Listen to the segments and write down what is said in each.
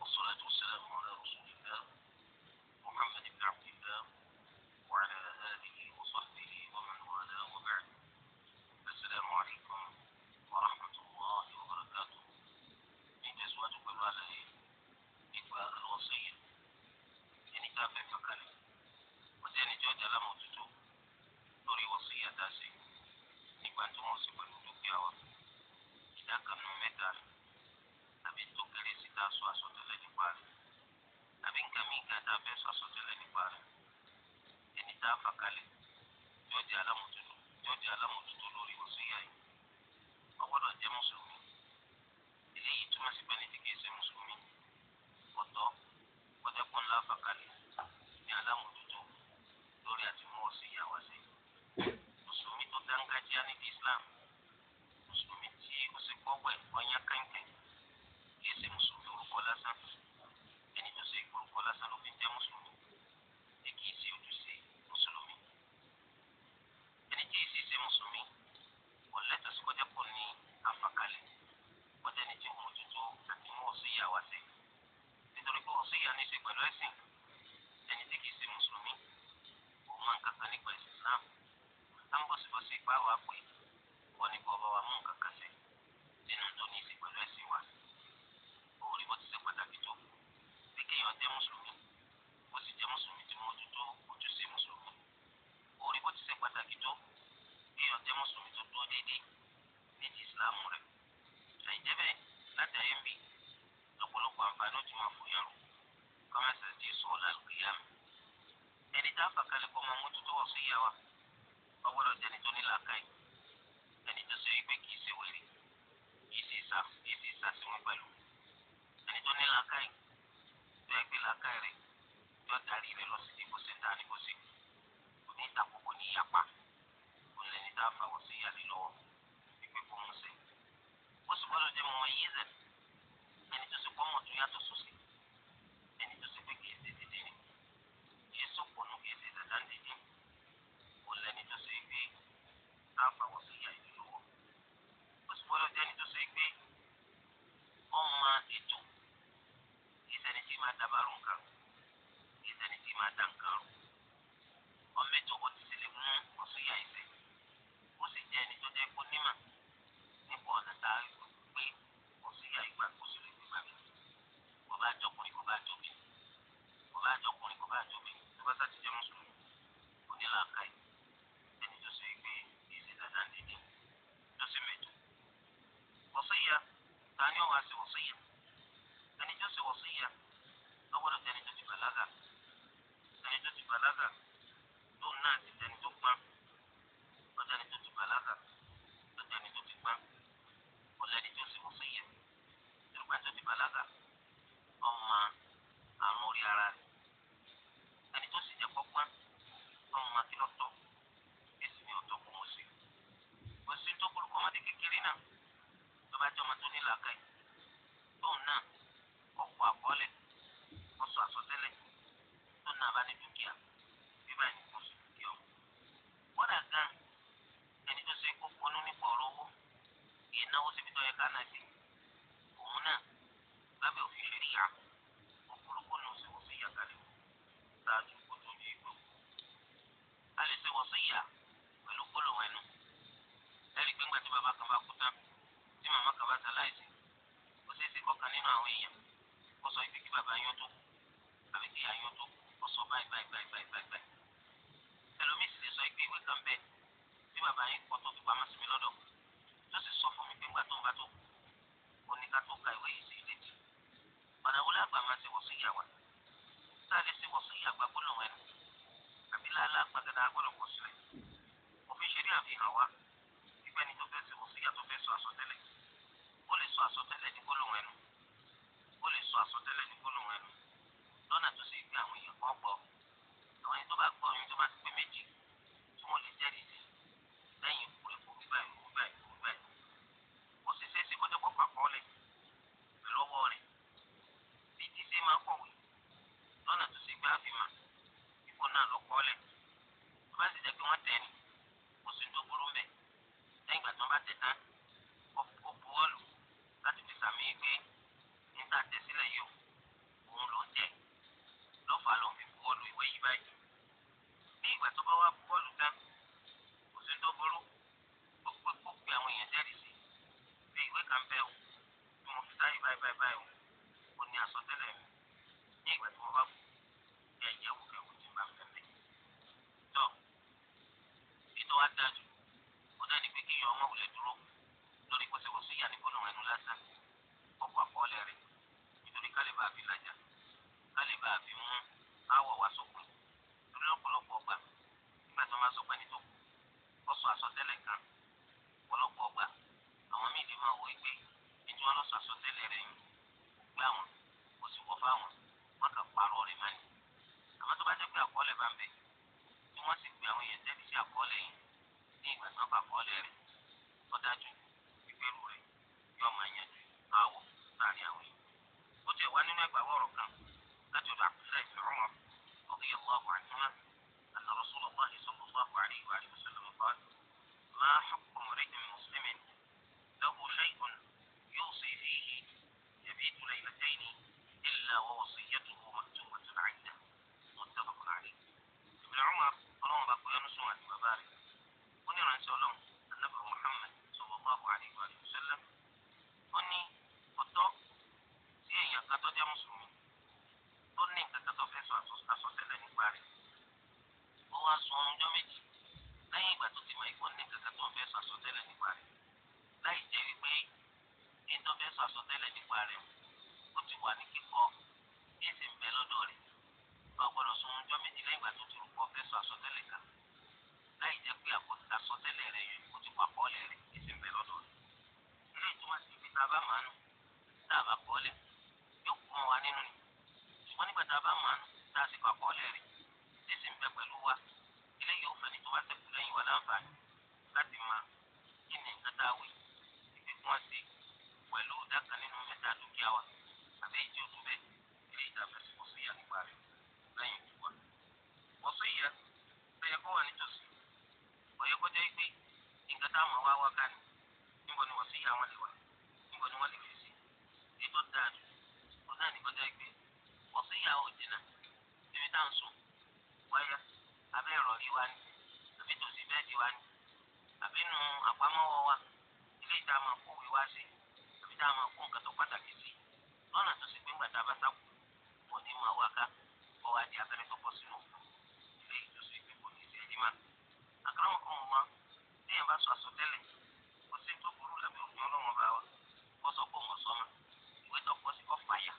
والصلاة والسلام tá a fẹ́ tàn kalẹ̀ kò sí ẹni tí ó jẹ́ alámòtútó lórí wọ́sí yàtá sí nígbà tó mọ̀ sí pẹ̀lú dúkìá wa ìdá kan nínú mẹ́ta àbí tó kéré sí tá a sọ àsọtẹ́lẹ̀ nípa rẹ̀ àbí nǹkan míì kan tá a fẹ́ sọ àsọtẹ́lẹ̀ nípa rẹ̀ ẹni tá a fà kalẹ̀ tí ó jẹ́ alámòtútó tí ó jẹ́ alámòtútó lórí wọ́sí yà yìí wọ́n gbọ́dọ̀ jẹ́ mùsùlùmí eléyìí túmọ̀ sí pẹ́ni tí kì í ṣe mùsùlùmí ọ̀tọ̀ kọjá kó ńlá fàkàlẹ̀ ní alámòjútó lórí àti mú ọ̀sẹ̀ ìyàwó ṣe. mùsùlùmí tó dángájíá níbi Islam mùsùlùmí tí ó ṣe gbọ́gbẹ̀ ọ̀yá kẹ̀kẹ́ kì í ṣe mùsùlùmí orúkọ lásán ẹni tó ṣe orúkọ lásán ló fi jẹ́ mùsùlùmí. islam à ń bọ̀sibọ̀sì ipá wa pé wọ́n ní kó ọba wa mú nǹkan kan ṣe nínú tó ní ìsìn pẹ̀lú ẹ̀sìn wa orí bó ti ṣe pàtàkì tó bí kéèyàn jẹ́ mùsùlùmí ó sì jẹ́ mùsùlùmí tí wọ́n tó ojúṣe mùsùlùmí orí bó ti ṣe pàtàkì tó kéèyàn jẹ́ mùsùlùmí tó dúró déédéé ní ti islam rẹ̀ àìjẹ́ bẹ́ẹ̀ láti ayé ń bì lọ́pọ̀lọpọ̀ àǹfààní ó ti máa fòyàrò kọ́mẹ́sì ti sọ ọ́ lálùkìyàmù tá a fà kalẹ̀ kó máa mójútó wọ̀ sí ìyá wa ọgbọ́dọ̀ jẹ́ni tó ní làákàyè ẹni tó ṣe wípé kì í ṣe wèrè kì í ṣe ìsà kì í ṣe ìsà sí wọn pẹ̀lú ẹni tó ní làákàyè tó ẹgbẹ́ làákàyè rẹ̀ yọ darí rẹ̀ lọ sí ibo ṣe ń darí bó ṣe kò ní ìyapa kò lẹ́ni tá a fà wọ̀ sí ìyá rẹ̀ lọ́wọ́ wípé kó mú ṣe ó sì gbọ́dọ̀ jẹ́ mọ́ iye zẹ̀ ẹni tó ṣe kọ́ mọ̀ tó yàtọ̀ sósì ẹni tó ṣe pé kì sàǹdìdì kò lẹ́ni tó so pé sáfà wọ́n sì yà ìlú lọ́wọ́ ó sì gbọ́dọ̀ jẹ́ni tó so pé ọmọ ètò ìsẹ̀ni tí máa dábàrú nǹkan ìsẹ̀ni tí máa dá nǹkan rú ọmọ ètò ó ti sì lè mú ọ̀sùn yà ìsẹ̀ ó sì jẹ́ ẹni tó jẹ́ kó nímà nípa ọ̀nà tá a gbé ọ̀sùn yà ìgbà kó sì lè gbégbá mi kò bá jọkùnrin kò bá jọbi kò bá jọkùnrin kò bá jọbi tó bá sá ti jẹ́ mùsùlùmí. 您来看 Canada let that kó nǹkan tó pàtàkì sí lọ́nà tó ṣe pé ńgbà tá a bá sáku kò ní máa wá ká ọwọ́ adé abẹ́rẹ́ tó bọ́ sínú òkú ilé ìtòsí pé kò ní í sẹ́yìn má. àkàràwọ̀ kan mọ́ téèyàn bá sọ àsọtẹ́lẹ̀ kò sí tó burú lábẹ́ òfin ọlọ́run bá wa kó sọ pé òun sọ ma ìwé tó kọ́ sí kọ́ fàyà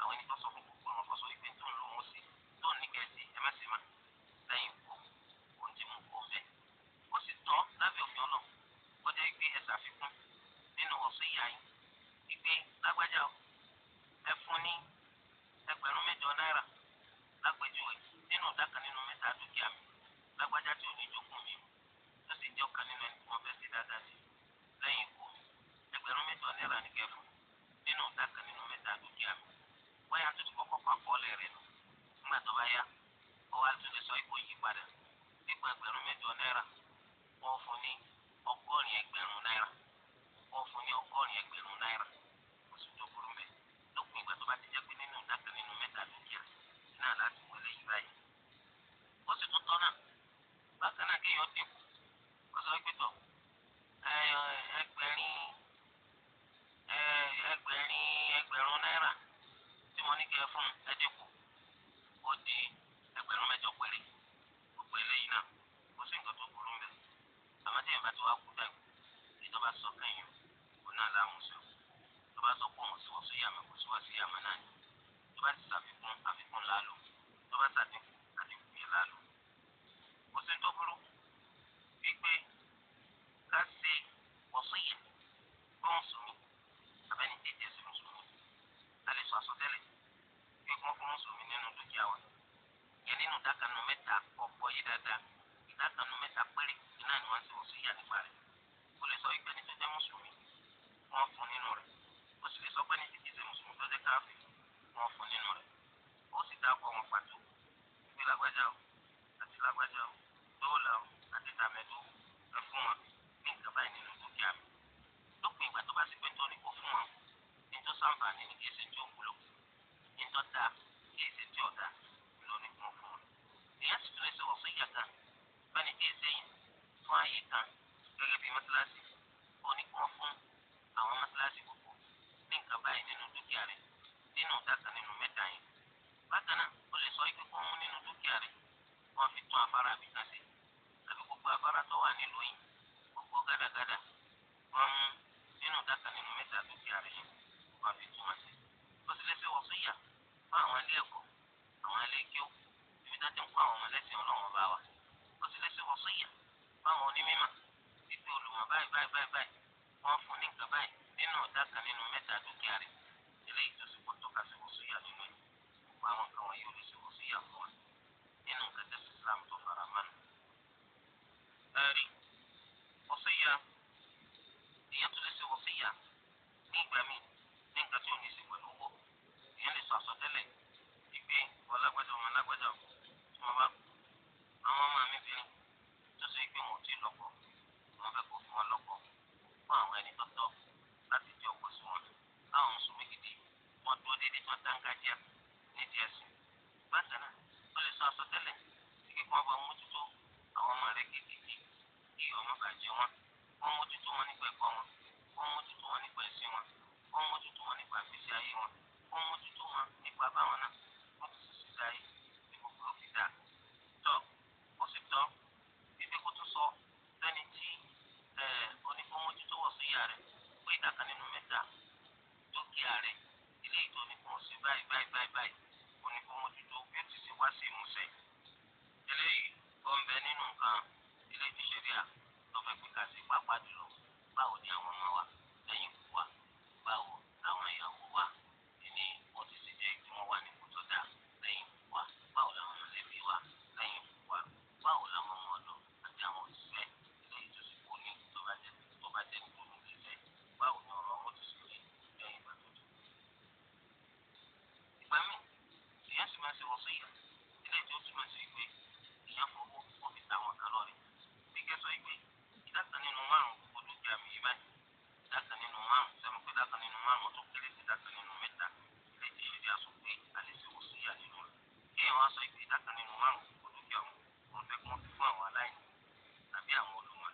àwọn ẹni tó sọ fún gbogbo ọ̀rọ̀ kọ́ sọ wípé tó ń lo òun sí tó ń ní kẹ́sì ẹ̀mẹ́sì má lẹ́yìn kó ohun tí mo kọ́ fẹ́ ó lágbájá o ẹ fún ní ẹgbẹ̀rún mẹ́jọ náírà. process nínú márùn-ún kò lókè àwọn òun fẹ́ kí wọ́n fi fún àwọn aláìní àbí àwọn olùmọ̀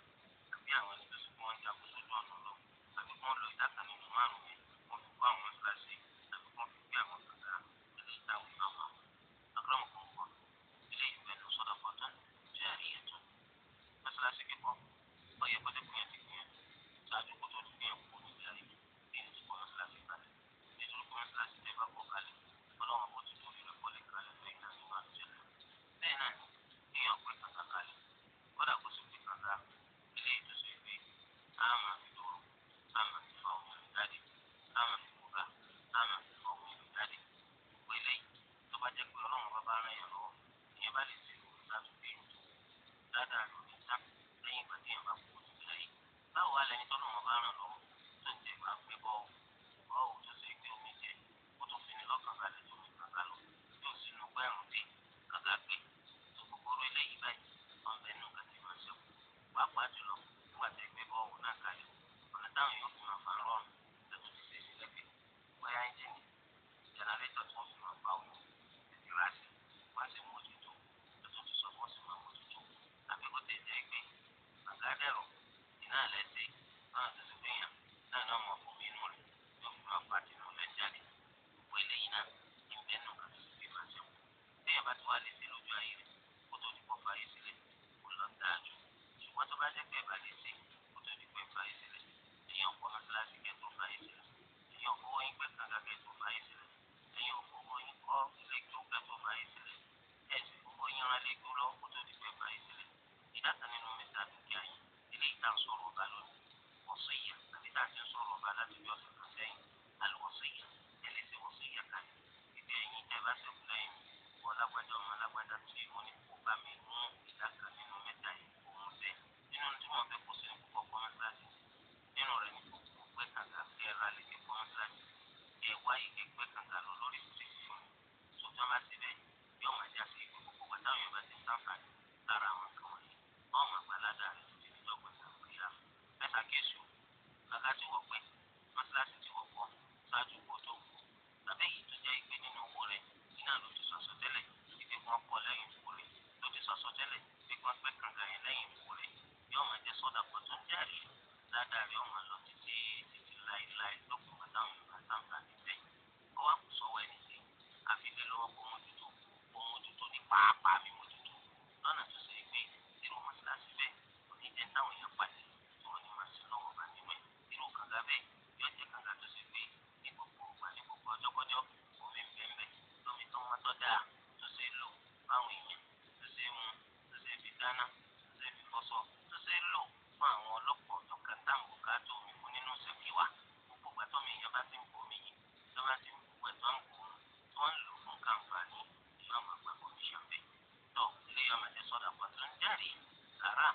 àbí àwọn ẹni tó sì fún wọn jagun sójú ọ̀nà lọ àbí kí wọ́n lo ìdá kan nínú márùn-ún yẹn wọ́n fi kó àwọn mọ́ṣáláṣí àbí kí wọ́n fi gbé àwọn kàkà ilé ìtawọ̀ ìfọ̀mọ́ akọ́rọ̀mọ̀ kan wọ ilé ìgbẹ́nu sọ́dọ̀ pọ̀tọ́ ṣe àríyànjọ mọ́ṣáláṣí kíkọ́ ọ̀yẹ́ pẹ́tẹ́ gbìyànjú gbìyànjú ṣáájú kó tó gbìyànjú kó ní ìyá rẹ̀ kí n ti kọ́ mọ́ṣáláṣí kalẹ̀ nítorí kéèyàn gbé kankan kalẹ̀ kódà kó sì gbé kankan eléyìí tó sọ pé àmà fi dòrò àmà fi fa ọmọ mi jáde àmà fi kúra àmà fi fa ọmọ mi jáde gbogbo eléyìí tó bá jẹ́ pé ọlọ́run bá bá rán yàn lọ́wọ́ ìyẹn bá lè ṣe ìwé láti fi yàn tó dáadáa lórí ìta lẹ́yìn ìgbà tí yàn bá kú òtún láyé báwo wá lẹni tọ́lọ́run bá rán lọ́wọ́ arah.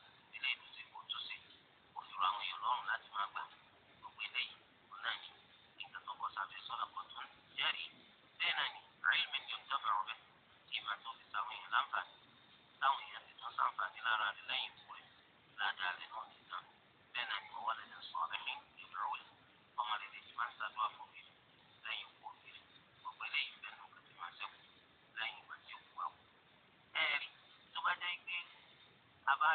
máa gbà gbogbo eléyìí òun náà ni nǹkan tó kọ sábẹ́ sọ́dọ̀ kan tó ń jẹ́rìí bẹ́ẹ̀ náà ni àìlùmí ni òun tọ́fà ọ̀bẹ kí ìmọ̀ tó fi sáwọn èèyàn láǹfààní táwọn èèyàn sì tún sáǹfààní lára rẹ̀ lẹ́yìn ikú rẹ̀ ládàá rẹ̀ náà ti tán bẹ́ẹ̀ náà ni wọ́n wà lẹ́nu sọ ọ́bẹ̀hín ìrọ̀wẹ̀ ọmọ rẹ̀ lè máa ń ṣàdúrà fún mi lẹ́yìn ikú rẹ̀ gbogbo eléyìí bẹ́ẹ̀ náà kò máa ṣẹ́kù lẹ́yìn ìgbà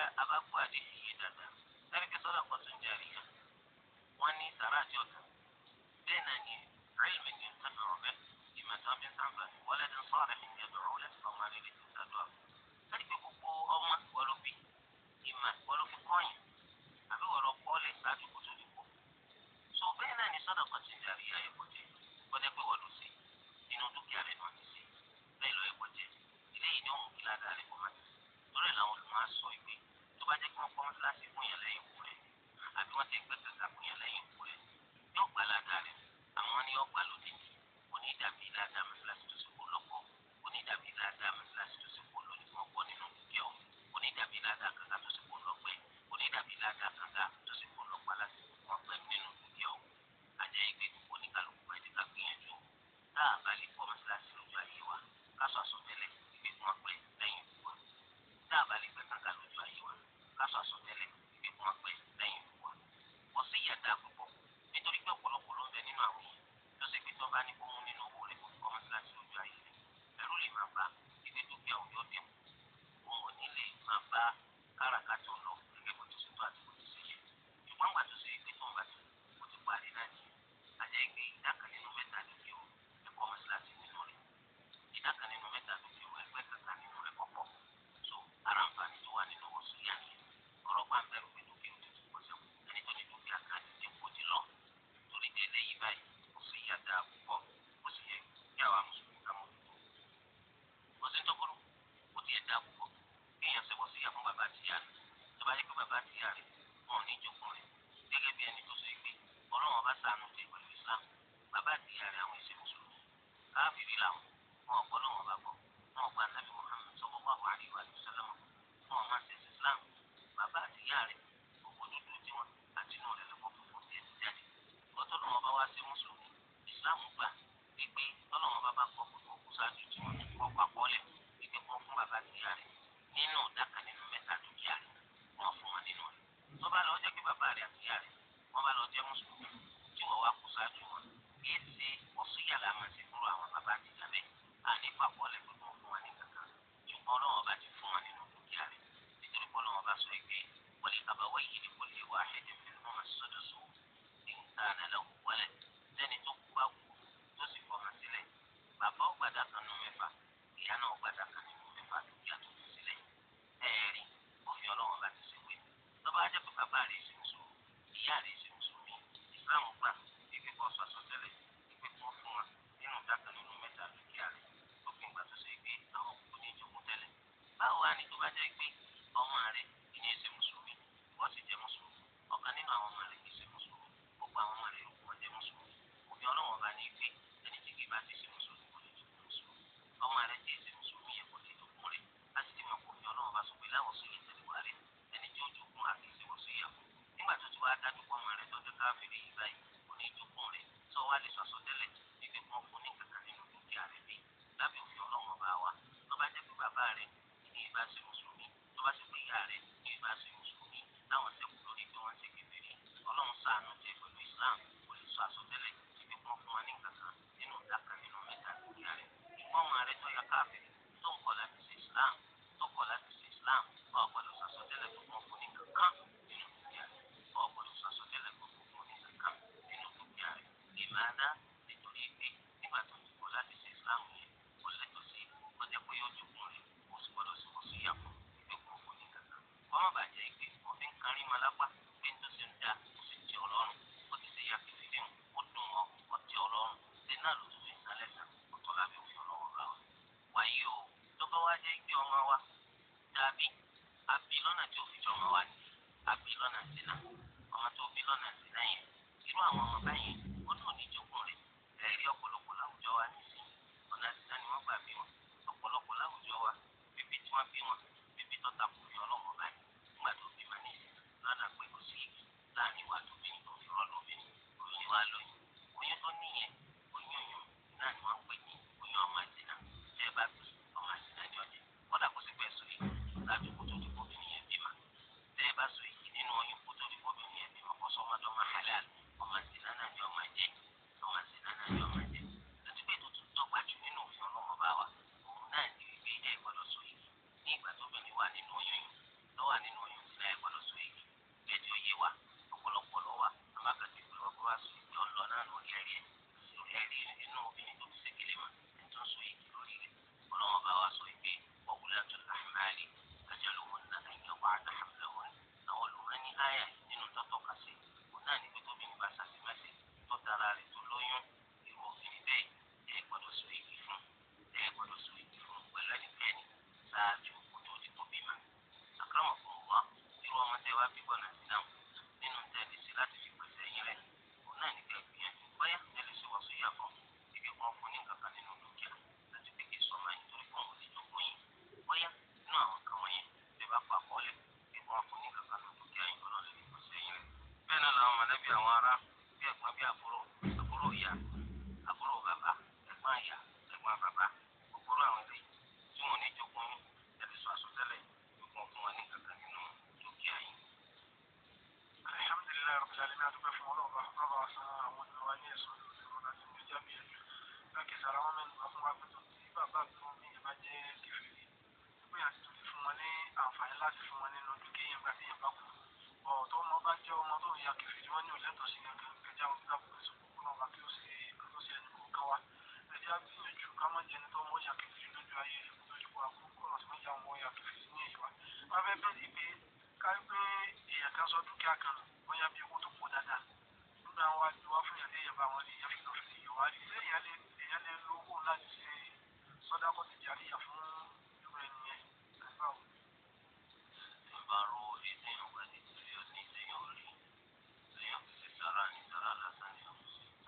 过来，这样。kiri tí wọ́n ní òlẹ́tọ̀ sí kankan ẹ̀já àwọn ìgbà pẹ̀lú sọ̀kún kúnlọ̀ bá kí ó ṣe àtúnṣe ẹni kó kọ́ wa ẹ̀já gbìyànjú ká mọ̀ jẹ́ni tó mọ̀ ṣàkíyèsí lójú ayé lójú wa kó kọ̀rọ̀ sí mọ́jà wọn ṣàkíyèsí ní ìwà. wọ́n fẹ́ bẹ̀rẹ̀ pé kárí pé èèyàn kan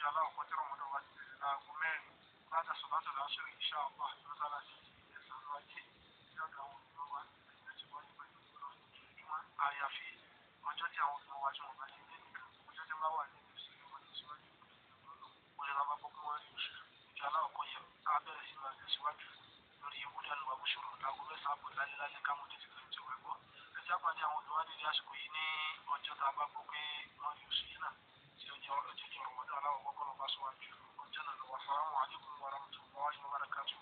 kí aláwọ̀ kọ́ tí rọmọdọ́ wá sí ìlú aago mẹ́rin láti sọ láti lọ aṣọ ìṣe àwọn àtúnṣe láti ẹ̀sán lọ ajé lọ́dọ̀ àwọn olùkọ́ wa ẹ̀sìn ti wọ́n nípa ìlú lọ ìmọ̀ àyàfi ọjọ́ tí àwọn olùkọ́ wa tí wọ́n bá ti ní nìkan ọjọ́ tí wọ́n wà ní ìlú sí ìwọ̀n tí síwájú òjò làwọn bọ́ kó wọ́n rí oṣù kí aláwọ̀ kọ́ yẹ á bẹ̀rẹ̀ sí máa tẹ̀síwájú lórí ìwúdà lọ́wọ́ bó ṣòro láago mẹ́sàn-án àbọ̀ lálẹ́ káwọn tó ti fi ti wẹ̀ gbọ́ ẹ̀sìn àpàdé àwọn olùwádìí ní àsìkò yìí ní jẹ́ ọjọ́ kí ọmọdé aláwọ̀ kọ́kọ́ lọ́ba síwájú ọjọ́ náà lọ́wọ́ assalamu alaikum warahmatullahi wabarakatuh.